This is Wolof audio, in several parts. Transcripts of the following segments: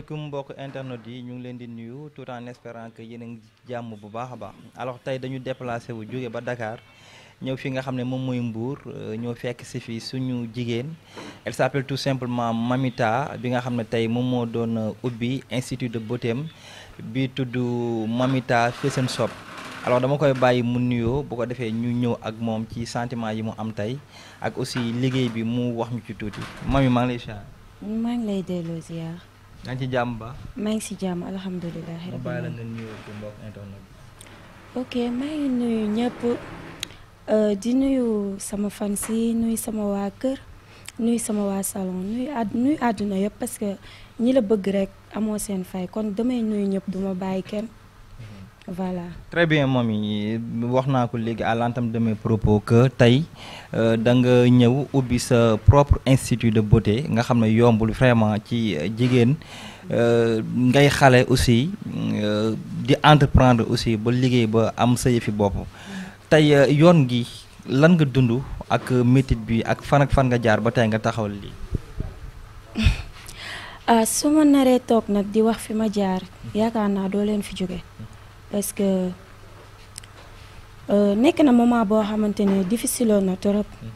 asalaamaaleykum mbokk internet yi ñu ngi leen di nuyu tout en espérant que yéen a jàmm bu baax a baax alors tey dañu déplacé wu jóge ba Dakar ñëw fi nga xam ne moom mooy Mbour euh, ñoo fekk si fii suñu jigéen elle s'appelle tout simplement Mamita bi nga xam ne tey moom moo doon euh, ubbi institut de beauté bi tudd Mamita Fashion Shop alors dama koy bàyyi mu nuyoo bu ko defee ñu ñëw ak moom ci sentiment yi mu am tey ak aussi liggéey bi mu wax ñu ci tuuti mami maa maa ngi ci jàmm ba. maa ngi si jàmm alhamdulilah. ma bàyyi la nga nuyoo ci mbokk internet ok maa ngi nuyu ñëpp euh, di nuyu sama fans yi nuyu sama waa kër nuyu sama waa salon nuyu àdd nuyu àdduna yëpp parce que ñi la bëgg rek amoo seen fay kon damay nuyu ñëpp duma bàyyi kenn. voilà très bien moom wax naa ko léegi à l'entame de mes propos que tey euh, da nga ñëw ubbi sa propre institut de beauté nga xam ne yombul vraiment ci jigéen euh, ngay xale aussi euh, di entreprendre aussi ba liggéey ba am sa yëfi bopp tey yoon gi lan nga dund ak métit bi ak fan ak fan nga jaar ba tey nga taxaw lii ah su ma naree toog nag di wax fi ma jaar yaakaar naa doo leen fi jóge parce que euh, nekk na moment boo xamante ne difficile na trop mm-hmm.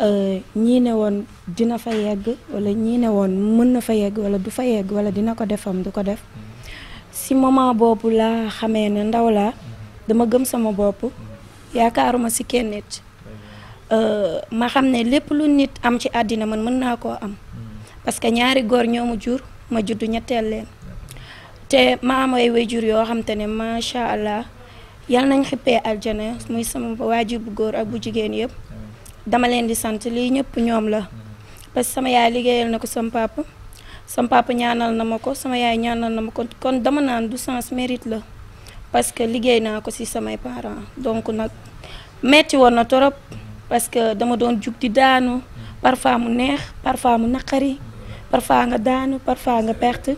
euh, ñii ne woon dina fa yegg wala ñii ne woon mën na fa yegg wala du fa yegg wala dina ko defam du ko def mm-hmm. si moment boobu laa xamee ne ndaw laa mm-hmm. dama gëm sama bopp yaakaaruma si kenn nit euh, ma xam ne lépp lu nit am ci àddina man mën naa koo am parce que ñaari góor ñoo ma jur ma juddu ñetteel leen. te ma am ay waajur yoo xam te ne macha allah yal nañ xippee aljana muy sama waajur bu góor ak bu jigéen yëpp dama leen di sant lii ñëpp ñoom la parce que sama yaay liggéeyal na ko sama papa sama papa ñaanal na ma ko sama yaay ñaanal na ma ko kon dama naan du sens mérite la parce que liggéey naa ko si samay parent donc nag metti woon na torop parce que dama doon jug di daanu parfois mu neex parfois mu naqari parfois nga daanu parfois nga perte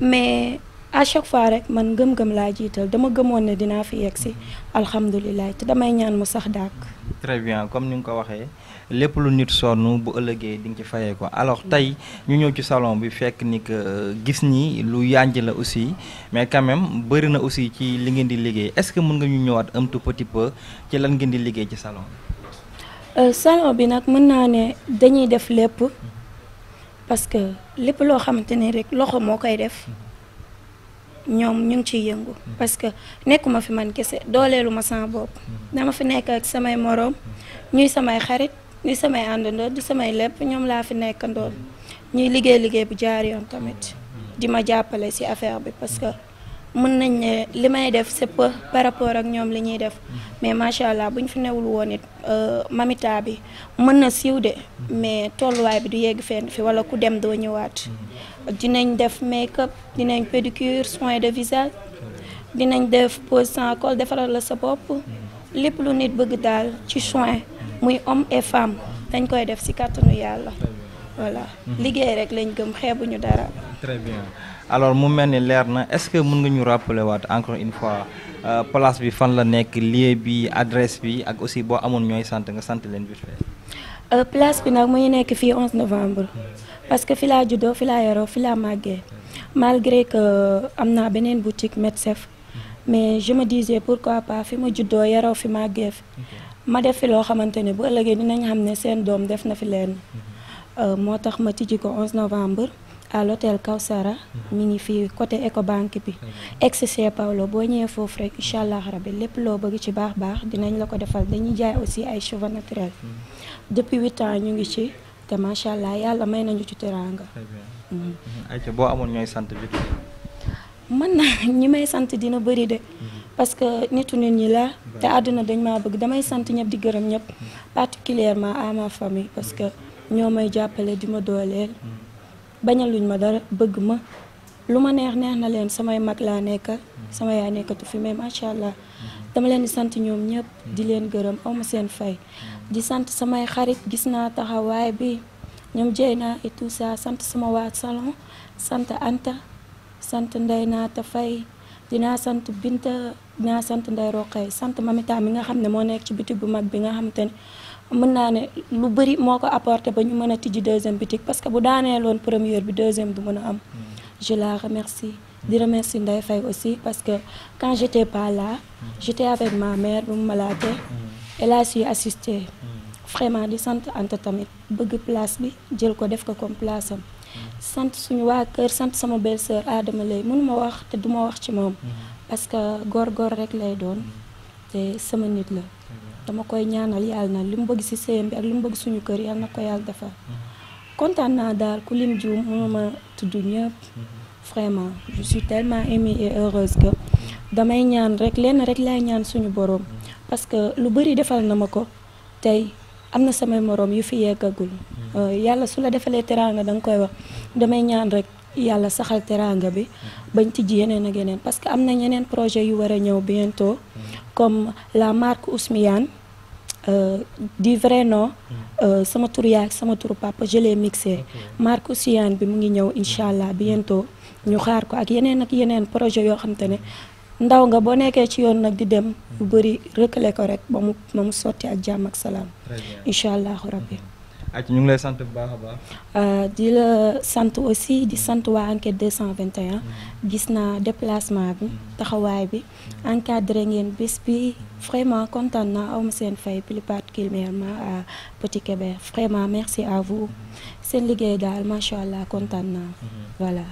mais à chaque fois rek man gëm-gëm laa jiital dama gëmoon ne dinaa fi yegg si alhamdulilah te damay ñaan mu sax dàkk. très bien comme ni nga ko waxee lépp lu nit sonn bu ëllëgee di nga ci fayee ko alors tey ñu ñëw ci salon bi fekk ni que euh, gis ñi lu yanj la aussi mais quand même bëri na aussi ci li ngeen di liggéey est-ce que mën nga ñu ñëwaat un tout petit peu ci lan ngeen di liggéey ci salon bi. Euh, salon bi nag mën naa ne dañuy def lépp parce que lépp loo xamante ni rek loxo moo koy def. ñoom ñu ngi ciy yëngu mm-hmm. parce que nekkuma fi man kese dooleelu ma sama bopp mm-hmm. dama fi nekk ak samay moroom mm-hmm. ñuy samay xarit ñuy samay àndandoo di samay lépp ñoom laa fi nekkandoon ñuy liggéey liggéey bu jaar yoon tamit di ma jàppale ci affaire bi parce que mën nañ ne li may def c'est peu par rapport ak ñoom li ñuy def mais macha allah bu ñu fi newul woon it euh, mamita bi mën na siiw de mais tolluwaay bi du yegg fenn fi wala ku dem doo ñëwaat. dinañ def make-up dinañ pédicure soin de visage dinañ def pose sans col la sa bopp lépp lu nit bëgg daal ci soin muy homme et femme dañ koy def ci kàttanu yàlla voilà mhm. liggéey rek lañ gëm xeebuñu dara. très bien alors mu mel ni leer na est-ce que mun nga ñu rappeler waat encore une fois euh, place bi fan la nekk lieu bi adresse bi ak aussi boo amoon ñooy sant nga sant leen vite fait. Euh, place bi nag mu nekk fii 11 novembre. Mhm. parce que fi laa juddoo fi filaa yaroo fi laa màggee malgré que euh, am naa beneen boutique Medsef mais je me disais pourquoi pas fi ma juddoo yaroo fi màggee fi ma def fi loo xamante ne bu ëllëgee dinañ xam ne seen doom def na fi leen mhm. euh, moo tax ma tijji ko 11 novembre à l'hôtel Kawsara mhm. mi ngi fii côté Ecobank bi ex São boo ñëwee foofu rek incha allah rabi lépp loo bëgg ci baax baax dinañ la ko defal dañuy jaay aussi ay cheveux naturels mhm. depuis huit ans ñu ngi ci te macha allah yàlla may nañu ci teraanga. Mm-hmm. Mm-hmm. boo amoon ñooy sant bi. man na ñi may sant dina bëri de. Mm-hmm. parce que nitu nit ñi la te àdduna dañ maa bëgg damay sant ñëpp di gërëm ñëpp. particulièrement à ma famille parce que ñoo may jàppale di ma dooleel. bañaluñ ma dara bëgg ma lu ma neex neex na leen samay mag laa nekkal sama yaay nekkatu fi mais macha allah. dama leen sant ñoom ñëpp di leen gërëm awma seen fay di sant samay xarit gis naa taxawaay bi ñoom jey naa et tout sant sama waa salon sant Anta sant Ndey naa te Fay dinaa sant Binta dinaa sant Ndey Roqay sant Mamita mi nga xam ne moo nekk ci bitik bu mag bi nga xam te ne mën naa ne lu bëri moo ko apporté ba ñu mën a tijji deuxième bitig parce que bu daanee loon première bi deuxième du mën a am mm. je la remercie di remercier Ndeye Faye aussi parce que quand j'étais pas là j'étais avec ma mère bu mu malaatee mm. elle a mm. vraiment di sant ant tamit bëgg place bi jël ko def ko comme place am mm. sant suñu waa kër sant sama belle aadama Adama lay mënuma wax te duma wax ci moom parce que góor-góor rek lay doon te sama nit la dama koy ñaanal yàlla na li mu bëgg ci séyam bi ak li mu bëgg suñu kër yàlla na ko yàlla defal kontaan naa daal ku lim juum mënuma tudd ñëpp mm-hmm. vraiment je suis tellement émue damay ñaan rek lenn rek laay ñaan suñu boroom parce que lu bëri defal na ma ko tey am na samay moroom yu fi yeggagul euh, yàlla su la defalee teraanga da nga koy wax damay ñaan rek yàlla saxal teraanga bi bañ ci ji yeneen ak yeneen parce que am na ñeneen projet yu war a ñëw bientôt comme la marque Ousmiane euh, di vrai non euh, sama tur yaay sama turu papa je l'ai marque Ousmiane bi mu ngi ñëw incha allah bientôt ñu xaar ko ak yeneen ak yeneen projet yoo xam ne ndaw nga boo nekkee ci yoon nag di dem bu bëri rëkkale ko rek ba mu ba mu sotti ak jàmm ak salaam incha allahu rabbi mm-hmm. ak ñu ngi sant bu baax euh, di la sant aussi di sant waa enquête mm-hmm. gis naa déplacement bi mm-hmm. taxawaay bi encadré ngeen bis bi vraiment kontaan naa awma seen fay plus particulièrement à Petit Kébé vraiment merci à vous seen liggéey daal macha allah kontaan naa voilà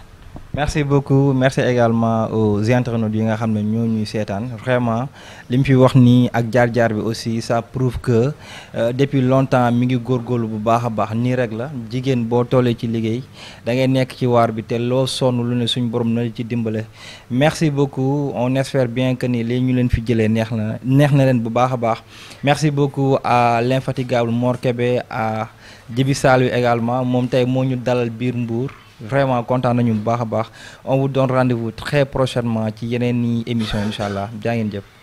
merci beaucoup merci également aux internautes yi nga xam ne ñoo ñuy seetaan vraiment li mu fi wax nii ak jaar-jaar bi aussi ça prouve que euh, depuis longtemps mi ngi góor góorlu bu baax a baax nii rek la jigéen boo tollee ci liggéey da ngay nekk ci waar bi te loo sonn lu ne suñ borom na ci dimbale merci beaucoup on espère bien que nii lii ñu leen fi jëlee neex na neex na leen bu baax a baax merci beaucoup à l'infatigable Mor kebe à Djibi Sall également moom tey moo ñu dalal biir Mbour vraiment kontaan nañu bu baax a baax on vous donne rendez-vous très prochainement ci yeneen i émission incha allah jaa ngeen jëf.